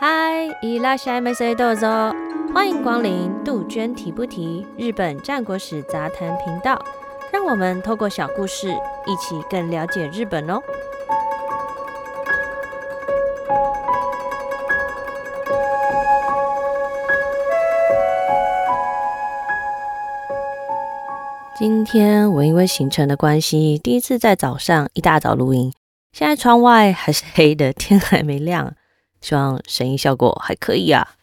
嗨，いらっしゃいませ。どうぞ。歡迎光臨杜鵑提不提日本戰國史雜談頻道。讓我們透過小故事，一起更了解日本哦。今天我因為行程的關係，第一次在早上一大早錄音。現在窗外還是黑的，天還沒亮。希望聲音效果還可以啊。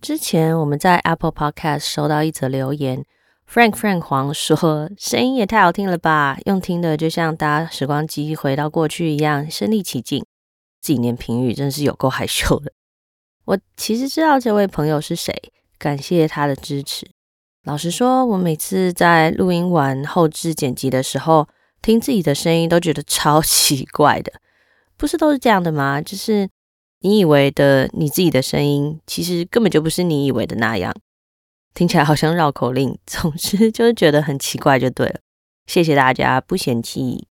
之前我們在 Apple Podcast 收到一則留言，Frank Frank 黃說：“聲音也太好聽了吧，用聽的就像搭時光機回到過去一樣，身臨其境。”自己念評語真是有夠害羞的。我其實知道這位朋友是誰，感謝他的支持。老實說，我每次在錄音完後製剪輯的時候，聽自己的聲音都覺得超奇怪的。不是都是這樣的嗎？就是你以為的你自己的聲音，其實根本就不是你以為的那樣，聽起來好像繞口令。總之就是覺得很奇怪就對了。謝謝大家，不嫌棄。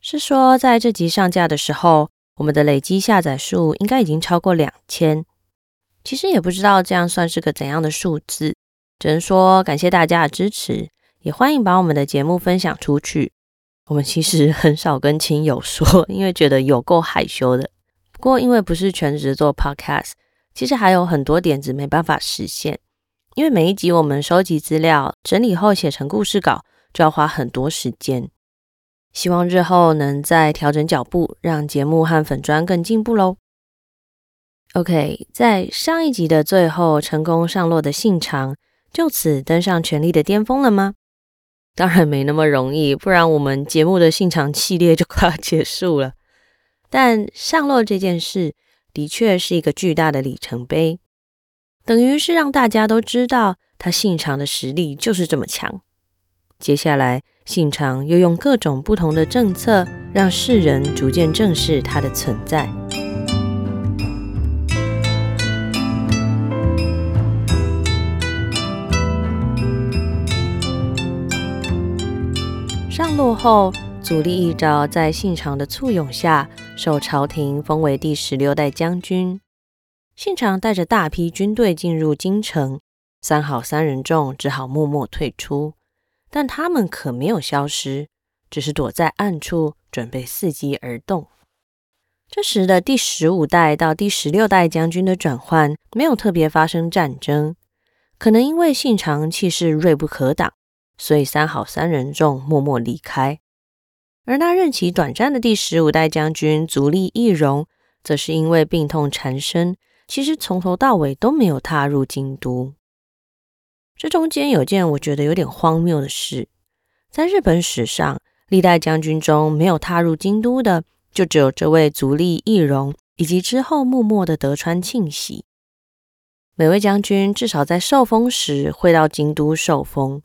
是說在這集上架的時候，我們的累積下載數應該已經超過兩千。其實也不知道這樣算是個怎樣的數字。只能說感謝大家的支持，也歡迎把我們的節目分享出去。我們其實很少跟親友說，因為覺得有夠害羞的。不過因為不是全職做 Podcast，其實還有很多點子沒辦法實現。因為每一集我們收集資料、整理後寫成故事稿，就要花很多時間。希望日後能再調整腳步，讓節目和粉專更進步嘍。OK，在上一集的最後，成功上洛的信長，就此登上權力的巔峰了嗎？當然沒那麼容易，不然我們節目的信長系列就快要結束了。但上洛這件事的確是一個巨大的里程碑，等於是讓大家都知道他信長的實力就是這麼強。接下來，信長又用各種不同的政策，讓世人逐漸正視他的存在。上洛後，足利義昭在信長的簇擁下，受朝廷封為第十六代將軍。信長帶着大批軍隊進入京城，三好三人眾只好默默退出。但他們可沒有消失，只是躲在暗處，準備伺機而動。這時的第十五代到第十六代將軍的轉換，沒有特別發生戰爭，可能因為信長氣勢銳不可擋。所以三好三人眾默默離開，而那任期短暫的第十五代將軍足利義榮，則是因為病痛纏身，其實從頭到尾都沒有踏入京都。這中間有件我覺得有點荒謬的事，在日本史上歷代將軍中沒有踏入京都的，就只有這位足利義榮以及之後幕末的德川慶喜。每位將軍至少在受封時會到京都受封。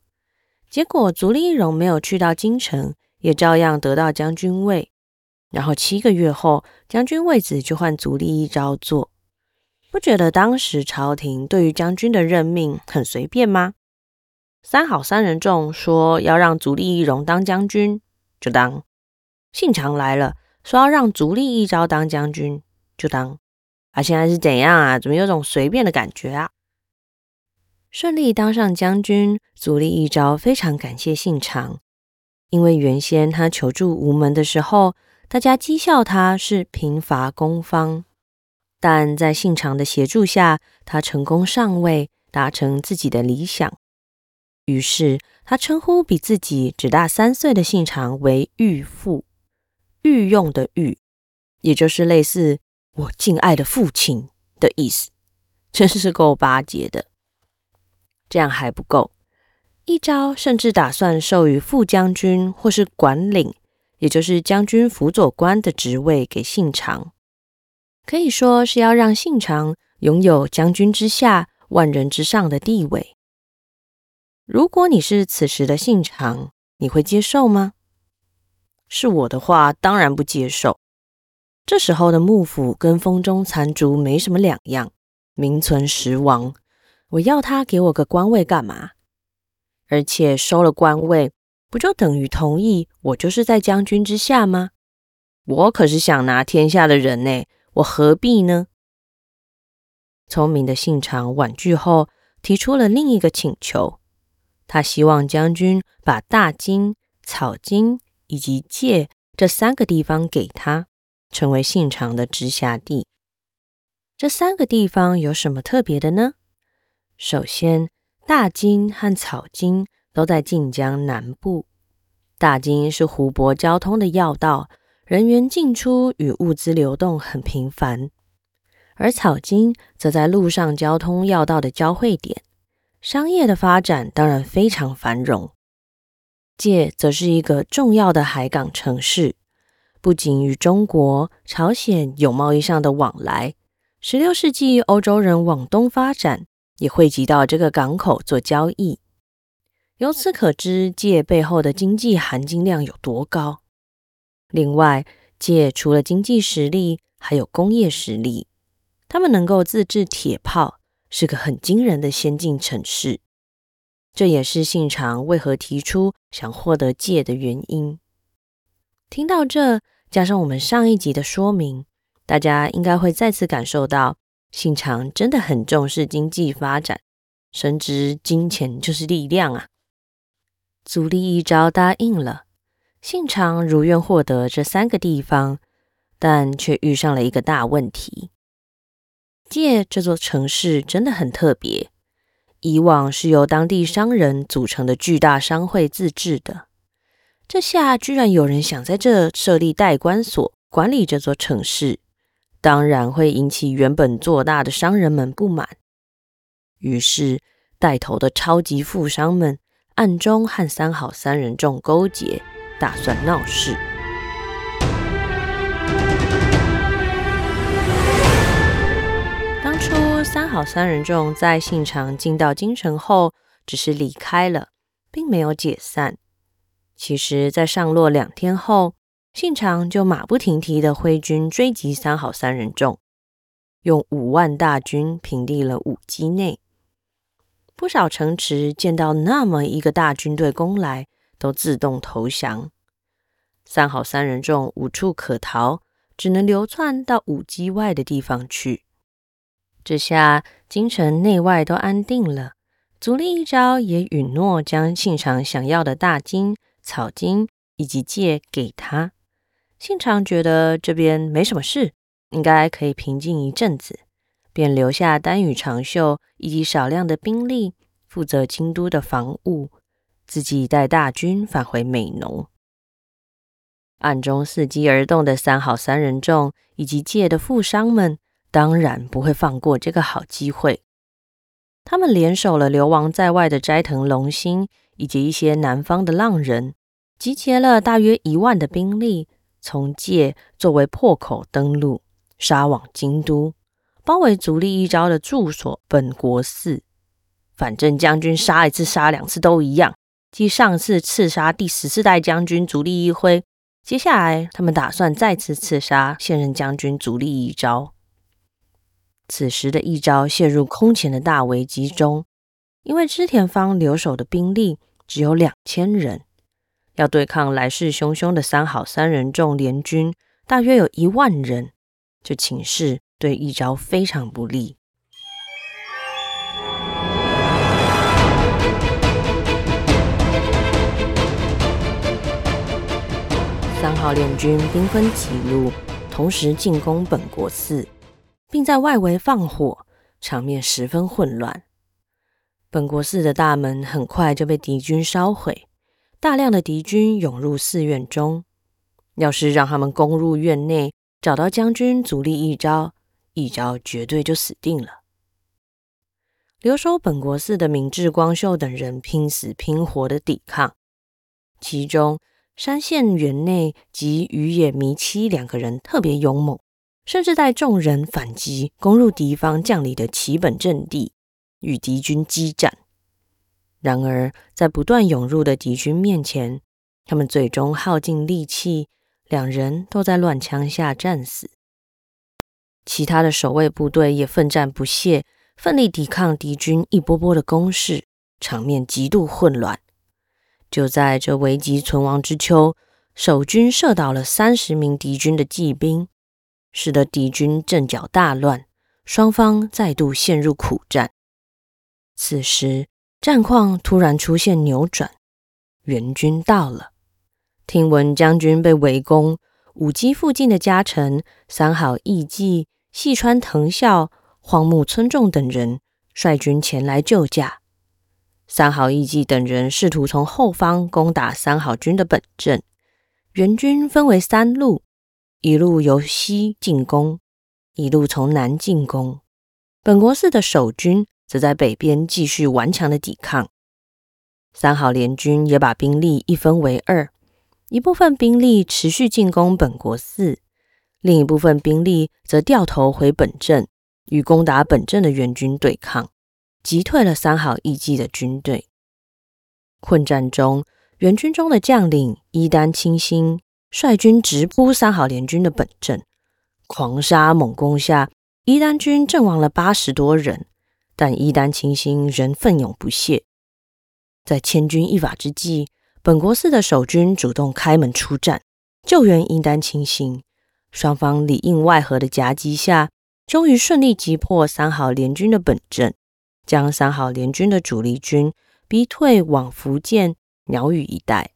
結果足利義榮沒有去到京城，也照樣得到將軍位。然後七個月後，將軍位子就換足利義昭坐。不覺得當時朝廷對於將軍的任命很隨便嗎？三好三人眾說要讓足利義榮當將軍，就當。信長來了，說要讓足利義昭當將軍，就當。啊，現在是怎樣啊？怎麼有種隨便的感覺啊？順利當上將軍，足利義昭非常感謝信長，因為原先他求助無門的時候，大家譏笑他是貧乏公方，但在信長的協助下，他成功上位，達成自己的理想。於是他稱呼比自己只大三歲的信長為御父，御用的御，也就是類似我敬愛的父親的意思，真是夠巴結的。這樣還不夠，義昭甚至打算授予副將軍或是管領，也就是將軍輔佐官的職位給信長，可以說是要讓信長擁有將軍之下萬人之上的地位。如果你是此時的信長，你會接受嗎？是我的話，當然不接受。這時候的幕府跟風中殘燭沒什麼兩樣，名存實亡。我要他給我個官位幹嘛？而且收了官位，不就等於同意我就是在將軍之下嗎？我可是想拿天下的人呢，我何必呢？聰明的信長婉拒後，提出了另一個請求，他希望將軍把大津、草津以及堺這三個地方給他，成為信長的直轄地。這三個地方有什麼特別的呢？首先，大津和草津都在近江南部。大津是湖泊交通的要道，人員進出與物資流動很頻繁；而草津則在陸上交通要道的交匯點，商業的發展當然非常繁榮。堺則是一個重要的海港城市，不僅與中國、朝鮮有貿易上的往來。十六世紀，歐洲人往東發展。也匯集到這個港口做交易，由此可知堺背後的經濟含金量有多高。另外，堺除了經濟實力，還有工業實力，他們能夠自製鐵炮，是個很驚人的先進城市。這也是信長為何提出想獲得堺的原因。聽到這，加上我們上一集的說明，大家應該會再次感受到。信長真的很重視經濟發展，深知金錢就是力量啊。足利義昭答應了，信長如願獲得這三個地方，但卻遇上了一個大問題。堺這座城市真的很特別，以往是由當地商人組成的巨大商會自治的，這下居然有人想在這設立代官所，管理這座城市。當然會引起原本做大的商人們不滿，於是帶頭的超級富商們暗中和三好三人眾勾結，打算鬧事。當初三好三人眾在信長進到京城後，只是離開了，並沒有解散。其實，在上洛兩天後。信長就馬不停蹄的揮軍追擊三好三人眾，用五萬大軍平定了五畿內不少城池。見到那麼一個大軍隊攻來，都自動投降。三好三人眾無處可逃，只能流竄到五畿外的地方去。這下京城內外都安定了，足利義昭也允諾將信長想要的大津、草津以及堺給他。信長覺得這邊沒什麼事，應該可以平靜一陣子，便留下丹羽長秀以及少量的兵力負責京都的防務，自己帶大軍返回美濃。暗中伺機而動的三好三人眾以及堺的富商們，當然不會放過這個好機會。他們聯手了流亡在外的齋藤龍興以及一些南方的浪人，集結了大約一萬的兵力。從堺作為破口登陸，殺往京都，包圍足利義昭的住所本國寺。反正將軍殺一次殺兩次都一樣，繼上次刺殺第十四代將軍足利義輝，接下來他們打算再次刺殺現任將軍足利義昭。此時的義昭陷入空前的大危機中，因為織田方留守的兵力只有兩千人。要對抗來勢洶洶的三好三人眾聯軍，大約有一萬人，這情勢對義昭非常不利。三好聯軍兵分幾路，同時進攻本國寺，並在外圍放火，場面十分混亂。本國寺的大門很快就被敵軍燒毀。大量的敵軍湧入寺院中，要是讓他們攻入院內，找到將軍足利義昭，義昭絕對就死定了。留守本國寺的明智光秀等人拼死拼活的抵抗，其中山縣源內及宇野彌七兩個人特別勇猛，甚至帶眾人反擊攻入敵方將領的旗本陣地，與敵軍激戰。然而，在不斷湧入的敵軍面前，他們最終耗盡力氣，兩人都在亂槍下戰死。其他的守衛部隊也奮戰不懈，奮力抵抗敵軍一波波的攻勢，場面極度混亂。就在這危急存亡之秋，守軍射倒了三十名敵軍的騎兵，使得敵軍陣腳大亂，雙方再度陷入苦戰。此時，戰況突然出現扭轉，援軍到了。聽聞將軍被圍攻，武基附近的家臣、三好義繼、細川藤孝、荒木村重等人率軍前來救駕。三好義繼等人試圖從後方攻打三好軍的本陣。援軍分為三路，一路由西進攻，一路從南進攻，本國寺的守軍，則在北邊繼續頑強的抵抗。三好聯軍也把兵力一分為二，一部分兵力持續進攻本國寺，另一部分兵力則掉頭回本陣，與攻打本陣的援軍對抗，擊退了三好義繼的軍隊。混戰中，援軍中的將領伊丹清心率軍直撲三好聯軍的本陣，狂殺猛攻下，伊丹軍陣亡了八十多人。但伊丹親興仍奮勇不懈，在千鈞一髮之際，本國寺的守軍主動開門出戰，救援伊丹親興，雙方裡應外合的夾擊下，終於順利擊破三好聯軍的本陣，將三好聯軍的主力軍逼退往伏見鳥羽一帶。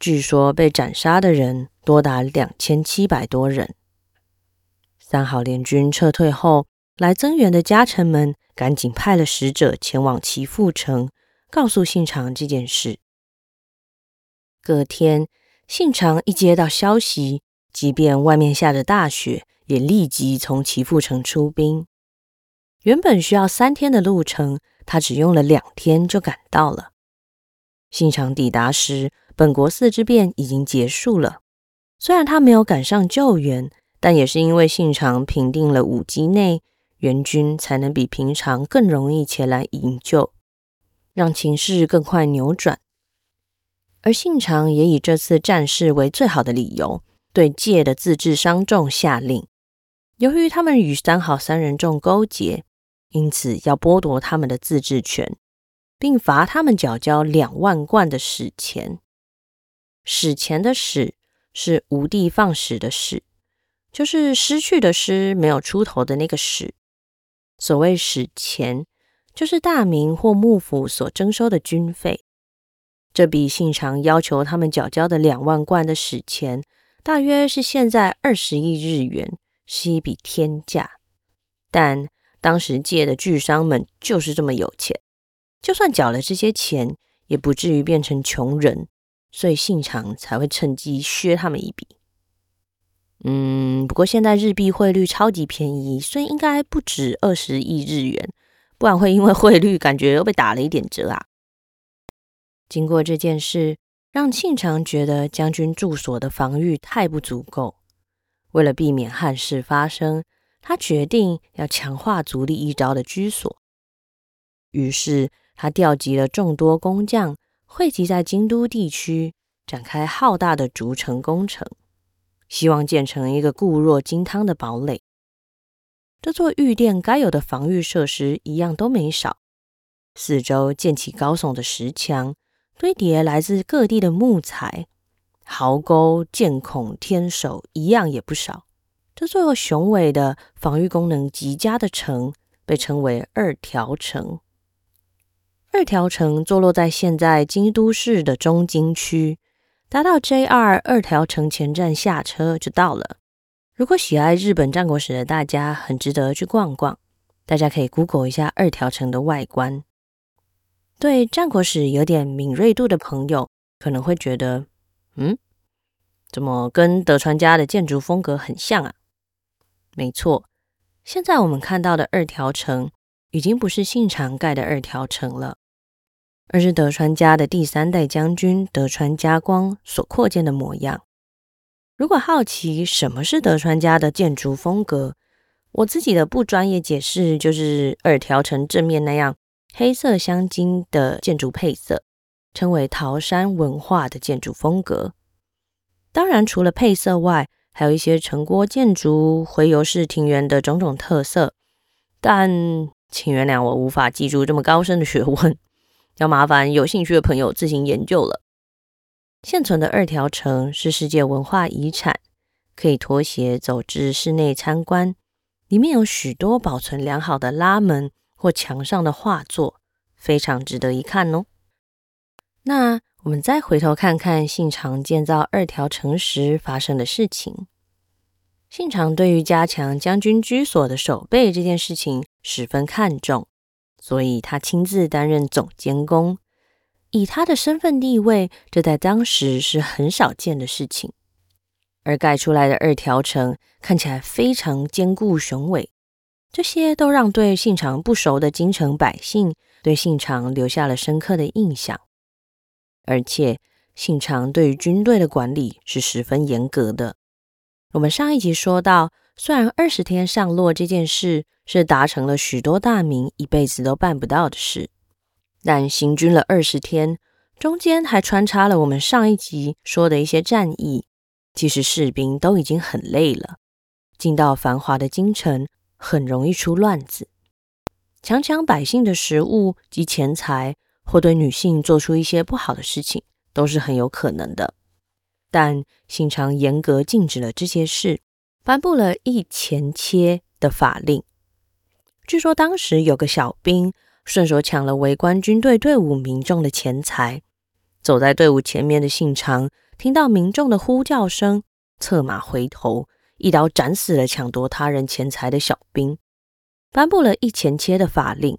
據說被斬殺的人多達兩千七百多人。三好聯軍撤退後，來增援的家臣們趕緊派了使者前往岐阜城，告訴信長這件事。隔天，信長一接到消息，即便外面下着大雪，也立即從岐阜城出兵。原本需要三天的路程，他只用了兩天就趕到了。信長抵達時，本國寺之變已經結束了。雖然他沒有趕上救援，但也是因為信長平定了五畿內。援軍才能比平常更容易前來營救，讓情勢更快扭轉。而信長也以這次戰事為最好的理由，對堺的自治商眾下令：由於他們與三好三人眾勾結，因此要剝奪他們的自治權，並罰他們繳交兩萬貫的矢錢。矢錢的矢是無的放矢的矢，就是失去的失，沒有出頭的那個矢。所謂“矢錢”，就是大名或幕府所徵收的軍費。這筆信長要求他們繳交的兩萬貫的“矢錢”，大約是現在二十億日元，是一筆天價。但當時堺的巨商們就是這麼有錢，就算繳了這些錢，也不至於變成窮人，所以信長才會趁機削他們一筆。嗯，不過現在日幣匯率超級便宜，所以應該不止二十億日元，不然會因為匯率感覺又被打了一點折啊。經過這件事，讓信長覺得將軍住所的防禦太不足夠，為了避免憾事發生，他決定要強化足利義昭的居所。於是他調集了眾多工匠，匯集在京都地區，展開浩大的築城工程。希望建成一個固若金湯的堡壘。這座御殿該有的防禦設施一樣都沒少，四周建起高聳的石牆，堆疊來自各地的木材，壕溝、箭孔、天守一樣也不少。這座雄偉的、防禦功能極佳的城被稱為二條城。二條城坐落在現在京都市的中京區。搭到 JR 二條城前站下車就到了。如果喜愛日本戰國史的大家，很值得去逛逛。大家可以 Google 一下二條城的外觀。對戰國史有點敏銳度的朋友，可能會覺得，嗯，怎麼跟德川家的建築風格很像啊？沒錯，現在我們看到的二條城，已經不是信長蓋的二條城了。而是德川家的第三代將軍德川家光所擴建的模樣。如果好奇什麼是德川家的建築風格，我自己的不專業解釋就是二條城正面那樣黑色鑲金的建築配色，稱為桃山文化的建築風格。當然，除了配色外，還有一些城郭建築、回遊式庭園的種種特色。但請原諒我無法記住這麼高深的學問。要麻煩有興趣的朋友自行研究了。現存的二條城是世界文化遺產，可以脫鞋走至室內參觀，裡面有許多保存良好的拉門或牆上的畫作，非常值得一看哦。那我們再回頭看看信長建造二條城時發生的事情。信長對於加強將軍居所的守備這件事情十分看重。所以他親自擔任總監工，以他的身份地位，這在當時是很少見的事情。而蓋出來的二條城看起來非常堅固雄偉，這些都讓對信長不熟的京城百姓對信長留下了深刻的印象。而且，信長對於軍隊的管理是十分嚴格的。我們上一集說到，雖然二十天上洛這件事，是達成了許多大名一輩子都辦不到的事，但行軍了二十天，中間還穿插了我們上一集說的一些戰役。其實士兵都已經很累了，進到繁華的京城，很容易出亂子，強搶百姓的食物及錢財，或對女性做出一些不好的事情，都是很有可能的。但信長嚴格禁止了這些事，頒布了一錢切的法令。據說當時有個小兵順手搶了圍觀軍隊隊伍民眾的錢財，走在隊伍前面的信長聽到民眾的呼叫聲，策馬回頭，一刀斬死了搶奪他人錢財的小兵，頒布了一錢切的法令，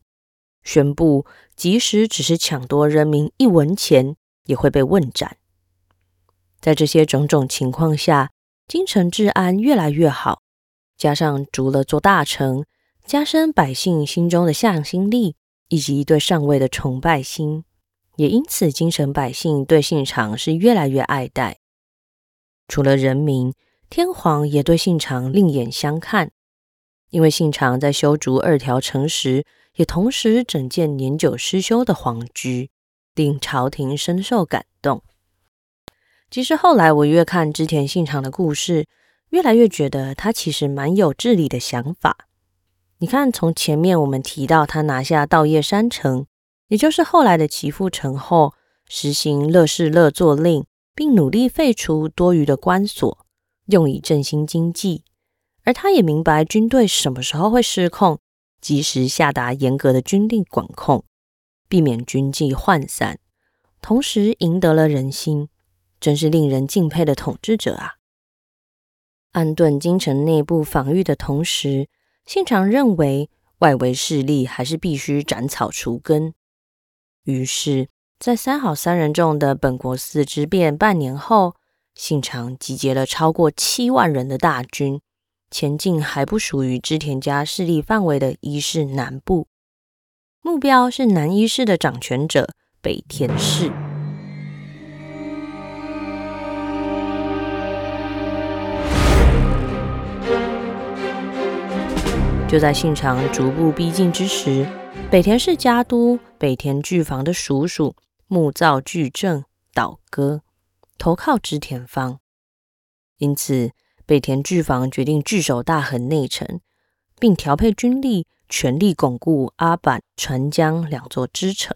宣布即使只是搶奪人民一文錢，也會被問斬。在這些種種情況下，京城治安越來越好，加上築了座大城。加深百姓心中的向心力以及對上位的崇拜心，也因此京城百姓對信長是越來越愛戴。除了人民，天皇也對信長另眼相看，因為信長在修築二條城時，也同時整建年久失修的皇居，令朝廷深受感動。其實後來我越看織田信長的故事，越來越覺得他其實蠻有治理的想法。你看，從前面我們提到，他拿下稻葉山城，也就是後來的岐阜城後，實行樂市樂座令，並努力廢除多餘的關所，用以振興經濟。而他也明白軍隊什麼時候會失控，及時下達嚴格的軍令管控，避免軍紀渙散，同時贏得了人心，真是令人敬佩的統治者啊！安頓京城內部防禦的同時，信長認為外圍勢力還是必須斬草除根，於是，在三好三人眾的本國寺之變半年後，信長集結了超過七萬人的大軍，前進還不屬於織田家勢力範圍的伊勢南部，目標是南伊勢的掌權者北田氏。就在信長逐步逼近之時，北田氏家督北田矩房的叔叔木造巨政倒戈，投靠織田方。因此，北田矩房決定據守大和內城，並調配軍力，全力鞏固阿坂、船江兩座支城。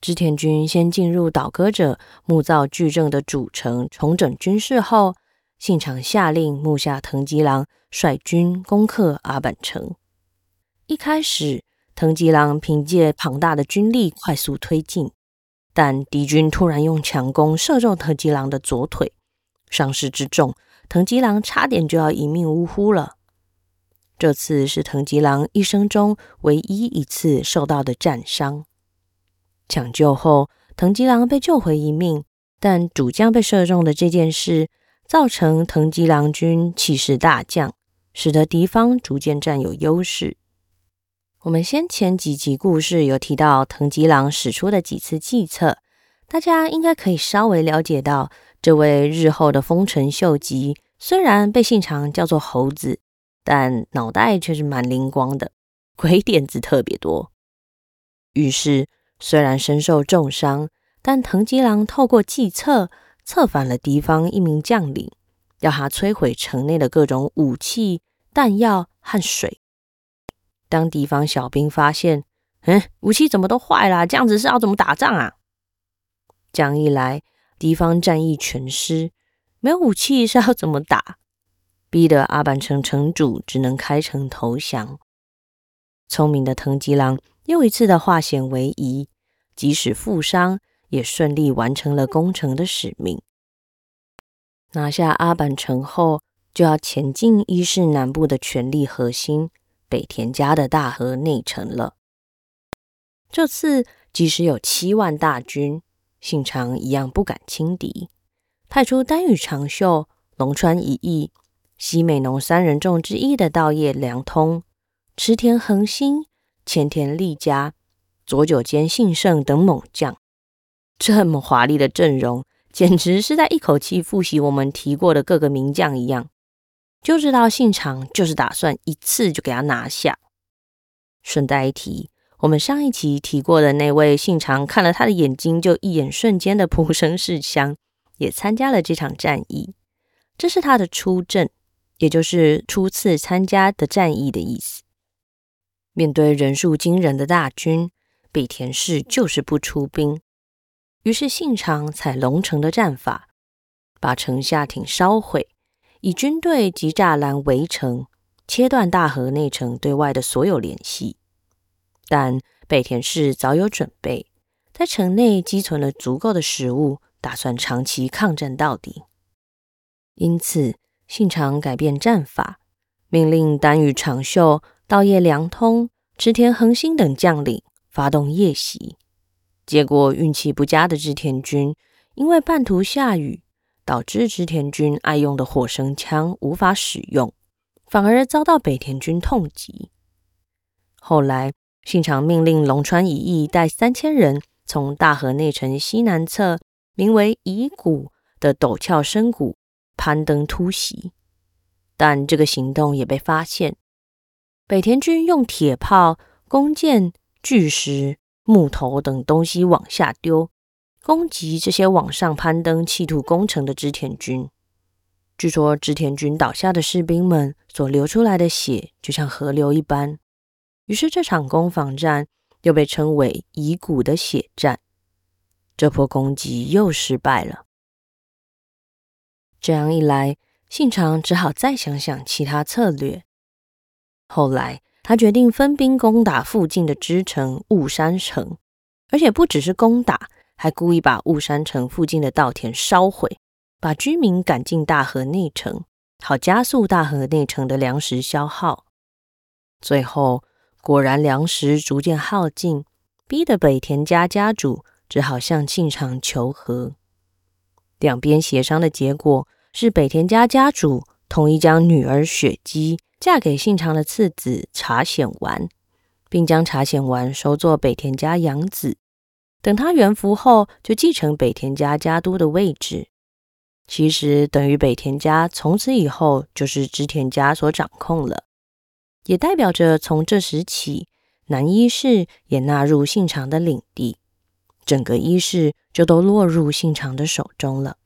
織田軍先進入倒戈者木造巨政的主城，重整軍事後。信長下令木下藤吉郎率軍攻克阿坂城。一開始，藤吉郎憑借龐大的軍力快速推進，但敵軍突然用強弓射中藤吉郎的左腿，傷勢之重，藤吉郎差點就要一命嗚呼了。這次是藤吉郎一生中唯一一次受到的戰傷。搶救後，藤吉郎被救回一命，但主將被射中的這件事。造成藤吉郎軍氣勢大降，使得敵方逐漸占有優勢。我們先前幾集故事有提到藤吉郎使出的幾次計策，大家應該可以稍微了解到，這位日後的豐臣秀吉雖然被信長叫做猴子，但腦袋卻是蠻靈光的，鬼點子特別多。於是，雖然身受重傷，但藤吉郎透過計策，策反了敵方一名將領，要他摧毀城內的各種武器、彈藥和水。當敵方小兵發現，嗯，武器怎麼都壞了？這樣子是要怎麼打仗啊？這樣一來，敵方戰意全失，沒有武器是要怎麼打？逼得阿坂城城主只能開城投降。聰明的藤吉郎又一次的化險為夷，即使負傷。也順利完成了攻城的使命。拿下阿坂城後，就要前進伊勢南部的權力核心北田家的大河內城了。這次即使有七萬大軍，信長一樣不敢輕敵，派出丹羽長秀、瀧川一益、西美濃三人眾之一的稻葉良通、池田恆興、前田利家、佐久間信盛等猛將。這麼華麗的陣容，簡直是在一口氣複習我們提過的各個名將一樣。就知道信長就是打算一次就給他拿下。順帶一提，我們上一期提過的那位信長，看了他的眼睛就一眼，瞬間的蒲生氏鄉也參加了這場戰役，這是他的初陣，也就是初次參加的戰役的意思。面對人數驚人的大軍，北畠氏就是不出兵。於是，信長採龍城的戰法，把城下町燒毀，以軍隊及柵欄圍城，切斷大河內城對外的所有聯繫。但北田氏早有準備，在城內積存了足夠的食物，打算長期抗戰到底。因此，信長改變戰法，命令丹羽長秀、稻葉良通、池田恆興等將領發動夜襲。結果運氣不佳的織田軍，因為半途下雨，導致織田軍愛用的火繩槍無法使用，反而遭到北畠軍痛擊。後來，信長命令瀧川一益帶三千人從大河內城西南側名為乙谷的陡峭深谷攀登突襲，但這個行動也被發現，北畠軍用鐵炮、弓箭、巨石，木頭等東西往下丟，攻擊這些往上攀登企圖攻城的織田軍。據說織田軍倒下的士兵們所流出來的血，就像河流一般。於是這場攻防戰又被稱為“遺骨的血戰”。這波攻擊又失敗了。這樣一來，信長只好再想想其他策略。後來。他決定分兵攻打附近的支城霧山城，而且不只是攻打，還故意把霧山城附近的稻田燒毀，把居民趕進大河內城，好加速大河內城的糧食消耗。最後果然糧食逐漸耗盡，逼得北田家家主只好向信長求和。兩邊協商的結果是北田家家主同意將女兒雪姬。嫁給信長的次子茶筅丸，並將茶筅丸收作北畠家養子。等他元服後，就繼承北畠家家督的位置。其實等於北畠家從此以後就是織田家所掌控了，也代表着從這時起，南伊勢也納入信長的領地，整個伊勢就都落入信長的手中了。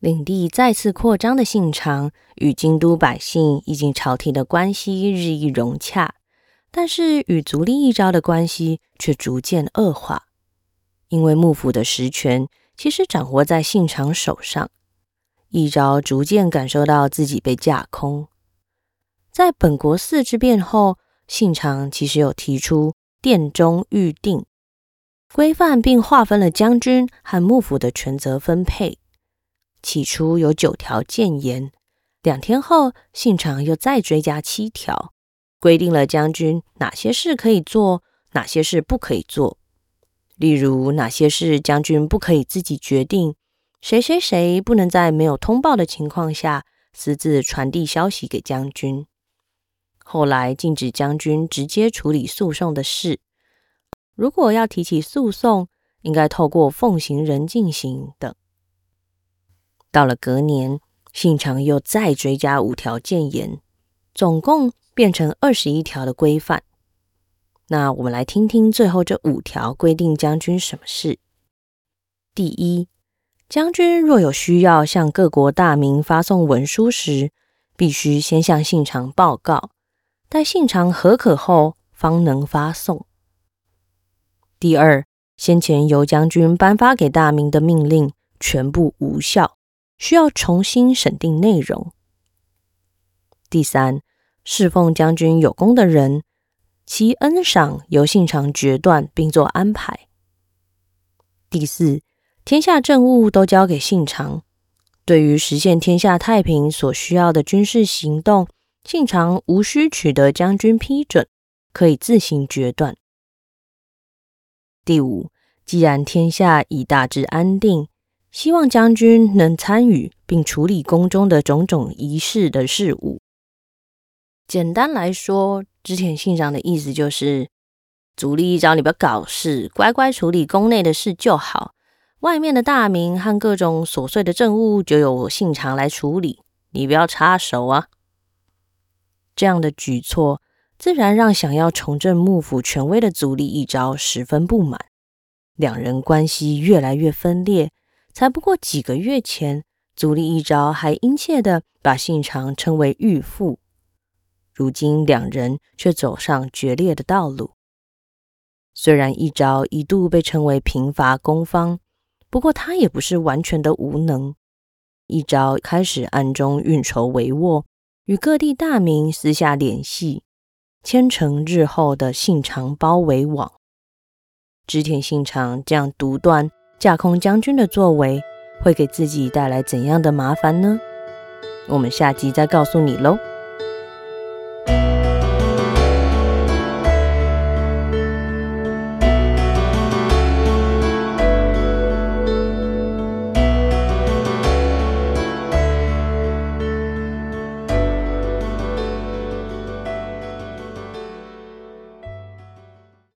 領地再次擴張的信長，與京都百姓以及朝廷的關係日益融洽，但是與足利義昭的關係卻逐漸惡化。因為幕府的實權其實掌握在信長手上，義昭逐漸感受到自己被架空。在本國寺之變後，信長其實有提出殿中預定，規範並劃分了將軍和幕府的權責分配。起初有九條諫言，兩天後信長又再追加七條，規定了將軍哪些事可以做，哪些事不可以做。例如，哪些事將軍不可以自己決定，誰誰誰不能在沒有通報的情況下私自傳遞消息給將軍。後來禁止將軍直接處理訴訟的事，如果要提起訴訟，應該透過奉行人進行等。到了隔年，信長又再追加五條諫言，總共變成二十一條的規範。那我們來聽聽最後這五條規定將軍什麼事。第一，將軍若有需要向各國大名發送文書時，必須先向信長報告，待信長核可後，方能發送。第二，先前由將軍頒發給大名的命令，全部無效。需要重新審定內容。第三，侍奉將軍有功的人，其恩賞由信長決斷並做安排。第四，天下政務都交給信長，對於實現天下太平所需要的軍事行動，信長無需取得將軍批准，可以自行決斷。第五，既然天下已大致安定，希望將軍能參與並處理宮中的種種儀式的事務。簡單來說，之前信長的意思就是：足利義昭，你不要搞事，乖乖處理宮內的事就好。外面的大名和各種瑣碎的政務，就由信長來處理，你不要插手啊。這樣的舉措，自然讓想要重振幕府權威的足利義昭十分不滿。兩人關係越來越分裂。才不過幾個月前，足利義昭還殷切地把信長稱為“御父”，如今兩人卻走上決裂的道路。雖然義昭一度被稱為貧乏公方，不過他也不是完全的無能。義昭開始暗中運籌帷幄，與各地大名私下聯繫，牽成日後的信長包圍網。織田信長這樣獨斷。架空將軍的作為會給自己帶來怎樣的麻煩呢？我們下集再告訴你嘍。